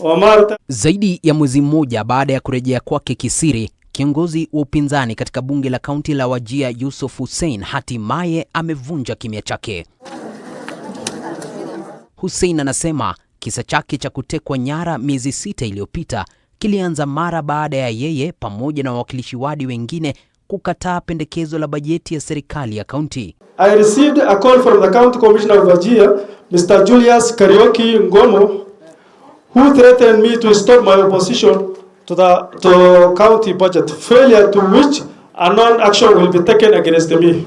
Omarta. Zaidi ya mwezi mmoja baada ya kurejea kwake kisiri, kiongozi wa upinzani katika bunge la kaunti la Wajia Yusuf Hussein hatimaye amevunja kimya chake. Hussein anasema kisa chake cha kutekwa nyara miezi sita iliyopita kilianza mara baada ya yeye pamoja na wawakilishi wadi wengine kukataa pendekezo la bajeti ya serikali ya kaunti. I received a call from the county commissioner of Wajir, Mr. Julius Karioki Ngomo who threatened me to stop my opposition to the to county budget, failure to which a non-action will be taken against me.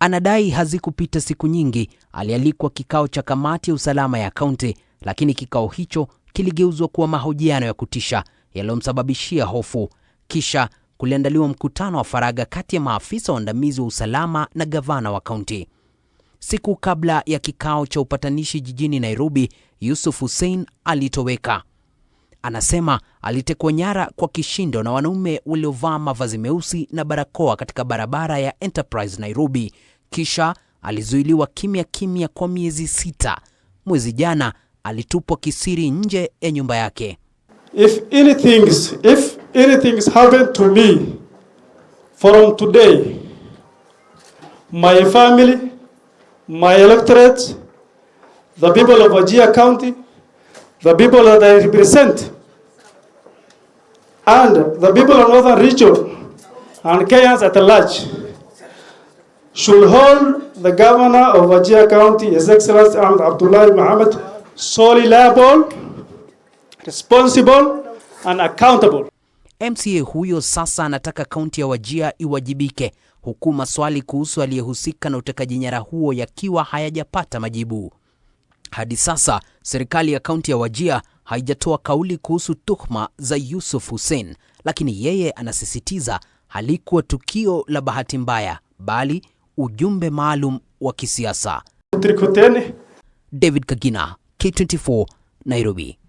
Anadai hazikupita siku nyingi, alialikwa kikao cha kamati ya usalama ya kaunti, lakini kikao hicho kiligeuzwa kuwa mahojiano ya kutisha yaliyomsababishia hofu. Kisha kuliandaliwa mkutano wa faragha kati ya maafisa waandamizi wa usalama na gavana wa kaunti siku kabla ya kikao cha upatanishi jijini Nairobi, Yusuf Hussein alitoweka. Anasema alitekwa nyara kwa kishindo na wanaume waliovaa mavazi meusi na barakoa katika barabara ya Enterprise Nairobi, kisha alizuiliwa kimya kimya kwa miezi sita. Mwezi jana alitupwa kisiri nje ya nyumba yake. If anything, if anything happened to me from today, my family my electorate, the people of Wajir County, the people that I represent, and the people of Northern Region and Kenyans at large should hold the governor of Wajir County, His Excellency Ahmed Abdullahi Muhammad, solely liable, responsible, and accountable. MCA huyo sasa anataka kaunti ya Wajia iwajibike huku maswali kuhusu aliyehusika na utekaji nyara huo yakiwa hayajapata majibu. Hadi sasa serikali ya kaunti ya Wajia haijatoa kauli kuhusu tuhuma za Yusuf Hussein, lakini yeye anasisitiza halikuwa tukio la bahati mbaya, bali ujumbe maalum wa kisiasa. David Kagina, K24, Nairobi.